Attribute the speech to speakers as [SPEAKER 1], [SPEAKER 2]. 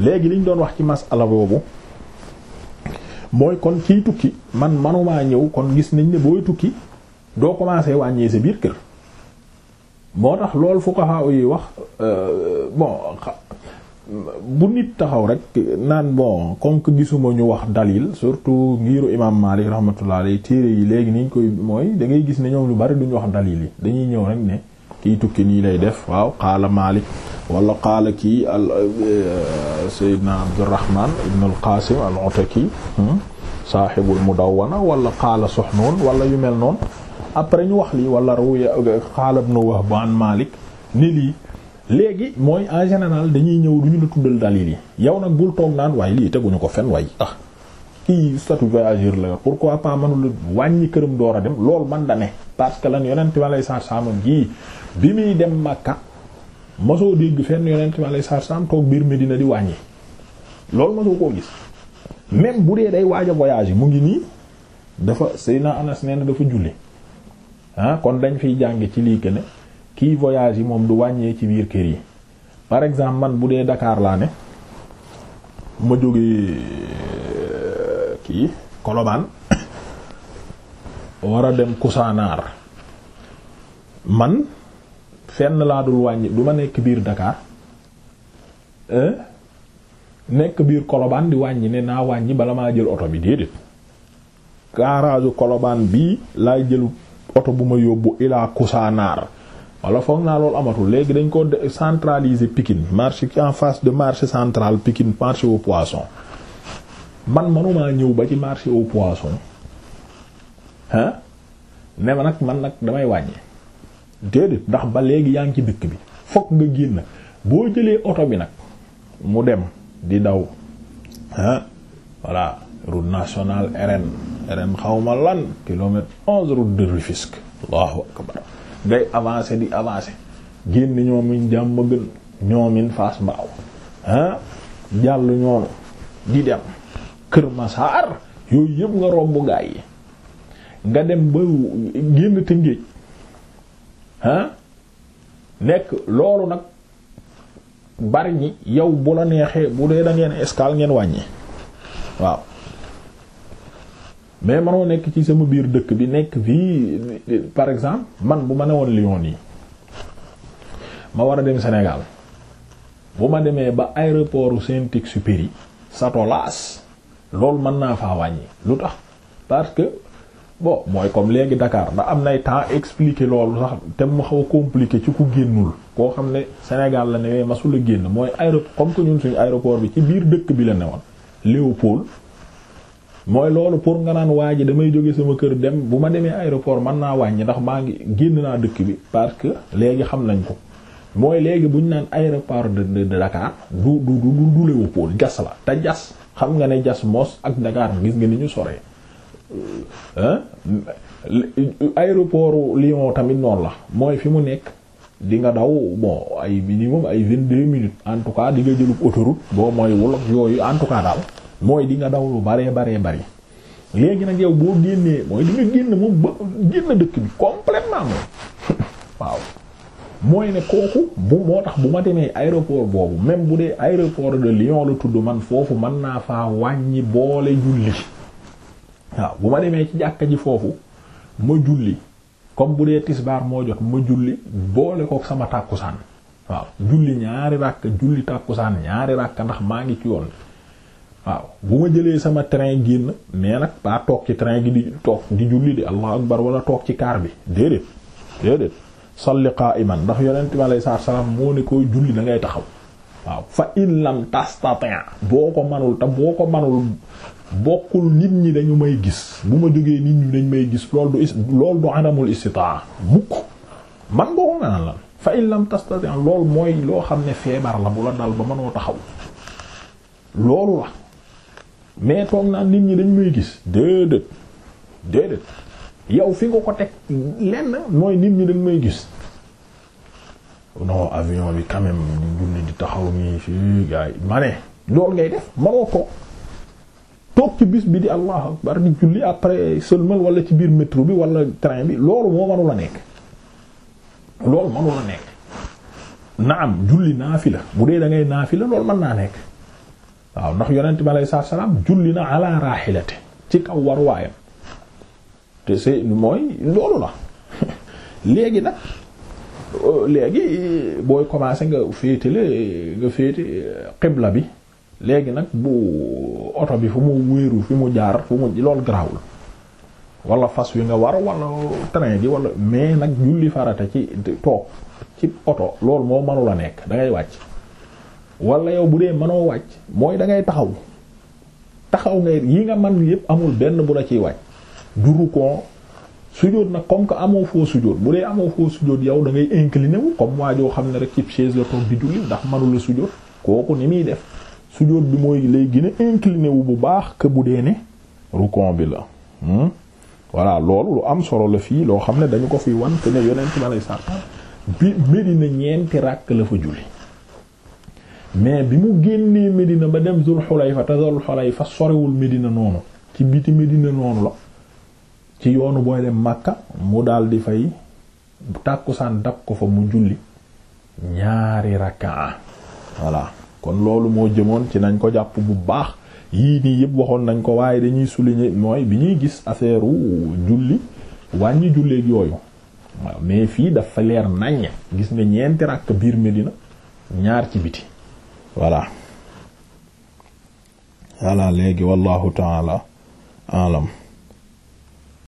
[SPEAKER 1] léegi liñ doon wax ci masala boobu mooy kon ciy tukki man manumaa ñëw kon gis nañ ne booy tukki doo commencé wàññee sa biir kër moo tax loolu fuqaha yi wax euh, bon bu nit taxaw rek naan bon comme que gisuma ñu wax dalil surtout ngiru imam Malik rahmatullah alayhi téere yi léegi niñ koy mooy dangay gis ne ñëw lu bari duñu wax dalil yi dañuy ñëw rek ne kiy tukki nii lay def waaw xaala Malik wala xaala kii al euh, Seydina Abdurrahman ibn al-Qasim al-Utaki hmm, saaxibul mudawwana wala qaala Suhnun wala yu mel noonu après ñu wax lii wala ruya qaala ibn Wahb an Malik ni lii léegi mooy en général dañuy ñëw du ñu la tuddal dalil yi yow nag bul toog naan waaye lii teguñu ko fen waaye ah kii statut voyageur la pourquoi pas mënula wàññi këram door a dem loolu man da parce que lan yonent ma lay sa saamam gii bi muy dem Makka mosoo dégg fenn yonent mi alayhi salaam toog biir dina di wàññi loolu mosoo koo gis même bu dee day waaj a voyage yi mu ngi nii dafa Seydina Anas nee na dafa julli ah kon dañ fiy jànge ci lii ne kii voyage yi moom du wàññee ci biir kër yi par exemple man bu dee Dakar laa ne ma jógee euh, kii Colobane war a dem Koussanar man. fenn laa dul wàññi du ma nekk biir Dakar nekk biir Colobane di wàññi ne naa wàññi bala maa jël oto bi déedéet garage Colobane bii laay jëlu oto bu ma yóbbu ilaa Koussanar wala foog naa loolu amatul léegi dañ ko centraliser Pikine marché en face de marché central pikin marché au poison man manumaa ñëw ba ci marché au poisson ah ne ma nag man nag damay wàññi. déedéet ndax ba léegi yaa ngi ci dëkk bi fokk nga génn boo jëlee oto bi nag mu dem di daw ah voilà route nationale RN RN xawma lan kilomètre onze route de Rufisque ngay avancer di avancer génn ñoomin jàmm gën ñoomin Fass Mbao ah jàll ñoonu di dem Kër Massar yooyu yëpp nga romb gaay yi nga dem ba génn Tëngéej ah nekk loolu nag bari ñi yow bu la neexee bu dee da ngeen escale ngeen wàññi waaw mais manoo nekk ci sama biir dëkk bi nekk fii par exemple man bu ma newoon Lyon yi ma war a dem senegal bu ma demee ba aéroport Saint-Exupéry Satolas loolu mën naa faa wàññi lu tax parce que bon mooy comme léegi dakaar ndax am nay temps expliquer loolu sax te mu xaw a compliqué ci ku génnul koo xam ne Sénégal la ne newee masula génn mooy aéroport comme que ñun suñu aéroport bi ci biir dëkk bi la newoon Léopold mooy loolu pour nga naan waa ji damay jóge sama kër dem bu ma demee aéroport man naa wàññi ndax maa ngi génn naa dëkk bi parce que léegi xam nañ ko mooy léegi bu ñu naan aéroport de de Dakar du du du du Léopold jas la te jas xam nga ne jas mos ak Dakar gis nga ni ñu soree aéroport Lyon tamit noonu la mooy fi mu nekk di nga daw bon ay minimum ay vingt-deux minutes en tout cas di nga jëlub boo mooy wul yooyu en daal mooy di nga daw lu baree baree bari léegi nag yow boo génnee mooy di génn moom ba génn dëkk bi complètement moom waaw mooy ne kooku bu moo tax bu ma demee aéroport boobu même bu dee aéroport de Lyon la tudd man foofu mën naa faa wàññi boole julli waaw bu ma demee ci jàkka ji foofu ma julli comme bu dee tisbaar moo jot ma julli boole kook sama tàkkusaan waaw julli ñaari ràkk julli tàkkusaan ñaari ràkk ndax maa ngi ci yoon waaw bu ma jëlee sama train génn mais nag baa toog ci train gi di toog di julli di allahu bar walla toog ci kaar bi déedéet déedéet salli qa'iman ndax yonent bi alayhi salaam moo ne koy julli da ngay taxaw waaw fa in lam boo ko manul te boo ko manul bokkul nit ñi dañu may gis bu ma jógee nit ñi dañu may gis lool du lool du adamul istitaa mukk man nga ko naan lan fa in lam lool mooy loo xam ne feebar la bu la dal ba mënoo taxaw loolu la mais toog naan nit ñi dañ may gis déedéet déedéet yow fi nga ko teg lenn mooy nit ñi dañ may gis non avion bi quand même di taxaw nii fii gars yi ma ne loolu ngay def mënoo ko toog ci bis bi di allahu akbar di julli après seulement wala ci biir métro bi wala train bi loolu moo mënul a nekk loolu mënul a nekk naam julli naafila bu dee da naafila loolu mën naa nekk waaw ndax yonent bi alayhi salaam julli na ala raahilati ci kaw war waayam te c'est mooy loolu la léegi nag euh, léegi booy commencer nga féetale nga féete xibla euh, bi léegi nag bu oto bi fu mu wéeru fi mu jaar fu mu lool garaawul wala fas wi nga war wala train bi wala mais nag julli farata ci toog ci oto loolu moo mënu nekk da ngay wàcc wala yow bu dee mënoo wàcc mooy da ngay taxaw taxaw ngay yi nga man yépp amul benn bu la ciy wàcc duru ko sujjóot nag comme que amoo foo sujjóot bu dee amoo foo sujjóot yow da ngay incliné wu comme waajoo xam ne rek ci chaise la toog di julli ndax mënu la sujjóot kooku ni muy def sujjóot bi mooy lay gën a wu bu baax que bu dee ne rukon bi la hmm? voilà loolu lu am solo la fii loo xam ne dañu ko fi wan que ne yonent ma lay sàrta bi Medina ñeenti ràkk la fa julli mais bi mu génnee Medina ba dem Zul Xulayfa te Zul fa sorewul Medina noonu ci biti Medina noonu la ci yoonu booy dem Makka mu dal di fay tàkkusaan dab ko fa mu julli ñaari rakkaa voilà kon loolu moo jëmoon ci nañ ko jàpp bu baax yii nii yëpp waxoon nañ ko waaye dañuy souligner mooy bi ñuy gis affaire u julli wàññi julleeg yooyu waaw mais fii dafa leer naññ gis nga ñeenti ràkk biir Medina ñaar ci biti voilà voilà léegi wallahu taala alam